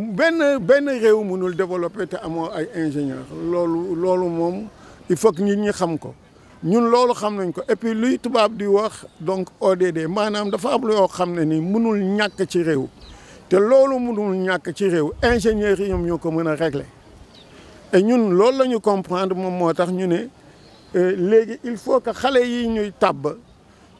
benn benn réew mënul développer te amoo ay ingénieur loolu loolu moom il faut que nit ñi xam ko ñun loolu xam nañ ko et puis luy tubaab di wax donc ODD maanaam dafa am yoo xam ne ni mënul ñàkk ci réew te loolu mënul ñàkk ci réew ingénieurs yi ñoom ñoo ko mën a régler et ñun loolu lañu comprendre moom moo tax ñu ne euh, léegi il faut que xale yi ñuy tàbb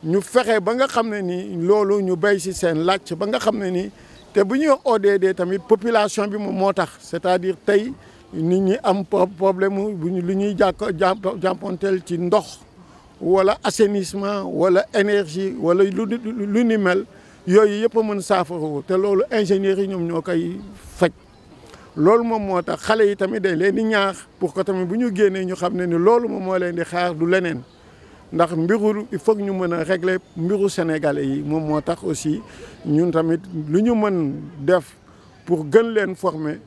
ñu fexe ba nga xam ne ni loolu ñu béy si seen làcc ba nga xam ne ni te bu ñuy wax ODD tamit population bi moom moo tax c'est-à-dire tey nit ñi am problème bu ñu lu ñuy jàkko jàmponteel ci ndox wala assenisement wala énergie wala lu lu ni mel yooyu yëpp mën saafara te loolu ingénieurs yi ñoom ñoo koy faj loolu moom moo tax xale yi tamit dañ leen ñaax pour que tamit bu ñu génnee ñu xam ne ni loolu moom moo leen di xaar du leneen ndax mbiru il ñu mën a régler mbiru sénégalais yi moom moo tax aussi ñun tamit lu ñu mën def pour gën leen former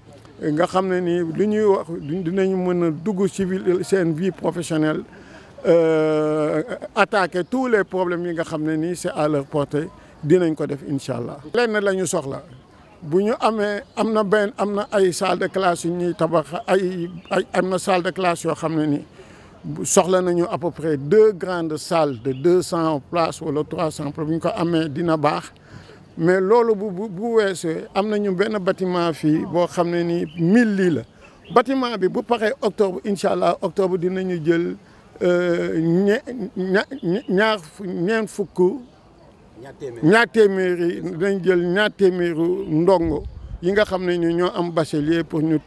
nga xam ne nii lu ñuy wax dinañu mën a dugg civil seen vie professionnelle euh, attaquer tous les problèmes yi nga xam ne nii c'est à leur portée dinañ ko def incha allah. lenn la ñu soxla bu ñu amee am na benn am na ay salle de classe yu ñuy tabax ay ay am na salle de classe yoo xam ne nii. soxla nañu à peu près deux grandes salles de deux cent place wala trois cent places bu ñu ko amee dina baax mais loolu bu wees am nañu benn bâtiment fii boo xam ne nii mille lii la bâtiment bi bu paree octobre incha allah octobre ñu jël euh, ñe ñaar ñeent fukk. ñaar téeméeri dinañ jël ñaar téeméeri ndongo. yi nga xam ne ñu ñoo am bachelier pour ñu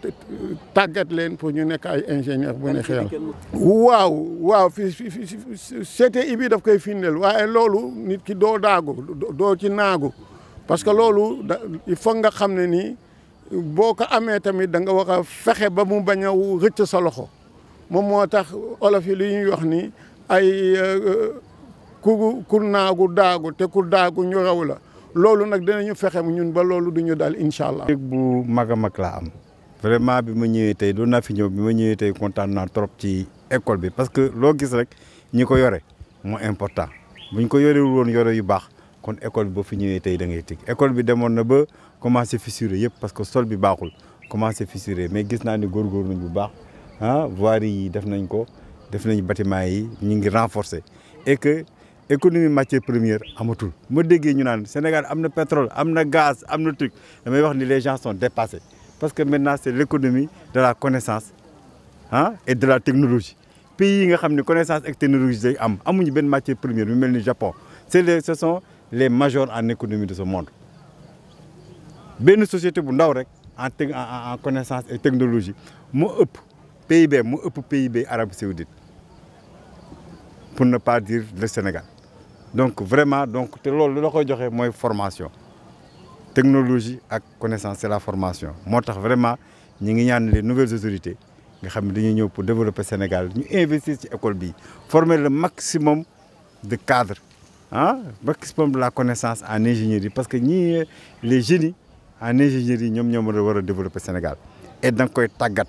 tàggat leen pour ñu nekk ay ingénieur bu neexee yàlla waaw waaw fi CTI bi daf koy findeel waaye loolu nit ki doo daagu doo ci naagu parce que loolu da il faut nga xam ne nii boo ko amee tamit da nga war a fexe ba mu bañ a rëcc sa loxo moom moo tax olof yi li ñuy wax ni ay euh, euh, ku ku naagu daagu te ku daagu ñu raw la loolu nag dinañu fexe ñun ba loolu du ñu daal incha allah. yëg bu mag a mag laa am vraiment bi mu ñëwee tey doon naa fi ñëw bi ma ñëwee tey kontaan naa trop ci école bi parce que loo gis rek ñi ko yore moo important buñ ko yore woon yore yu baax kon école bi ba fi ñëwee tey da ngay tig école bi demoon na ba commencé fissuré yëpp parce que sol bi baaxul commencé fissuré mais gis naa ne góorgóor nañ bu baax ah voirie yi def nañ ko def nañ bâtiment yi ñu ngi renforcer et économie matière première amatul ma déggee ñu naan Sénégal am na pétrole am na gaz am na truc damay wax ni les gens sont dépassés parce que maintenant c' est l' de la connaissance ah et de la technologie pays yi nga xam ne connaissance ak technologie day am amuñu benn matier première mu mel ni Japon c' est les ce les majors en économie de ce monde benn société bu ndaw rek en en connaissance et technologie moo ëpp PIB moo ëpp PIB Arabie Saoudite pour ne pas dire le Sénégal donc vraiment donc te loolu la koy joxe mooy formation technologie ak connaissance c'est la formation moo tax vraiment ñi ngi ñaan les nouvelles autorités nga xam ne dañuy ñëw pour développer Sénégal ñu investir ci école bi former le maximum de cadre ah maximum de la connaissance en ingénierie parce que ñii les génies en ingénierie ñoom ñoo mën a war a développer Sénégal et da nga koy tàggat.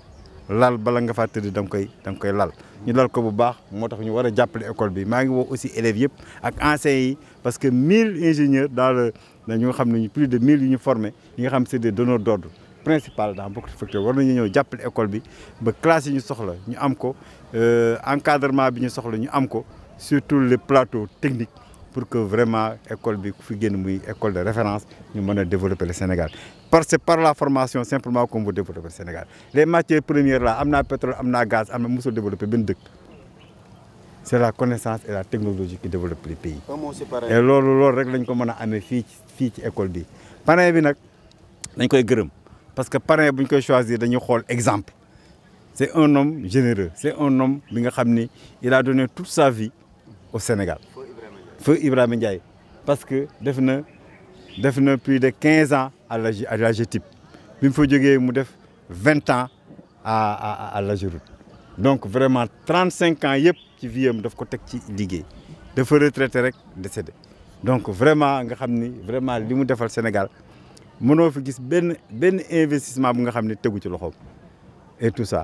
lal bala nga faa tëdd da nga koy lal ñu lal ko bu baax moo tax ñu war a jàppale école bi maa ngi woo aussi élèves yëpp ak enseignants yi parce que mille ingénieurs dans le ñu nga xam ne plus de mille yu ñu formé yi nga xam c'est des donneurs d'ordre principal dans beaucoup de facteurs war nañu ñëw jàppale école bi ba classe ñu soxla ñu am ko euh, encadrement bi ñu soxla ñu am ko surtout les plateaux technique pour que vraiment école bi fi génn muy école de référence ñu mën a développer le Sénégal parce que par la formation simplement qu'on veut développer le Sénégal les matières premières là am naa pétrole am naa gaz am na mosul développer benn dëkk c'est la connaissance et la technologie qui développe les pays. et loolu loolu rek lañ ko mën a amee fii ci fii ci école bi parrain bi nag dañ koy gërëm parce que parrain bi ñu koy choisir dañuy xool exemple c'est un homme généreux c'est un homme bi nga xam ni il a donné toute au Sénégal. feu Ibrahima Ndiaye parce que def na def na plus de quinze ans à la à bi mu fa jógee mu def vingt ans à à à l'AGEROUTE donc vraiment trente cinq ans yëpp ci vie am def ko teg ci liggéey dafa retraité rek décédé donc vraiment nga xam ni vraiment li mu defal Sénégal mënoo fi gis benn benn investissement bu nga xam ne tegu ci loxoom et tout ça.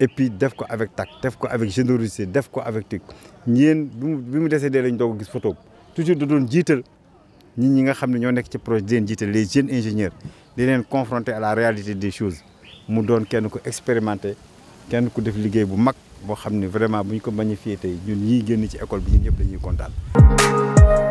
et puis def ko avec tact def ko avec générosité def ko avec tic ñeen bi mu décédé lañ doog a gis photo toujours da doon jiital nit ñi nga xam ne ñoo nekk ci projet di leen jiital les jeunes ingénieurs di leen confronter à la réalité des choses mu doon kenn ko expérimenté kenn ku def liggéey bu mag boo xam ne vraiment bu ñu ko magnifié tey ñun ñii génn ci école bi ñu ñëpp dañuy kontaan.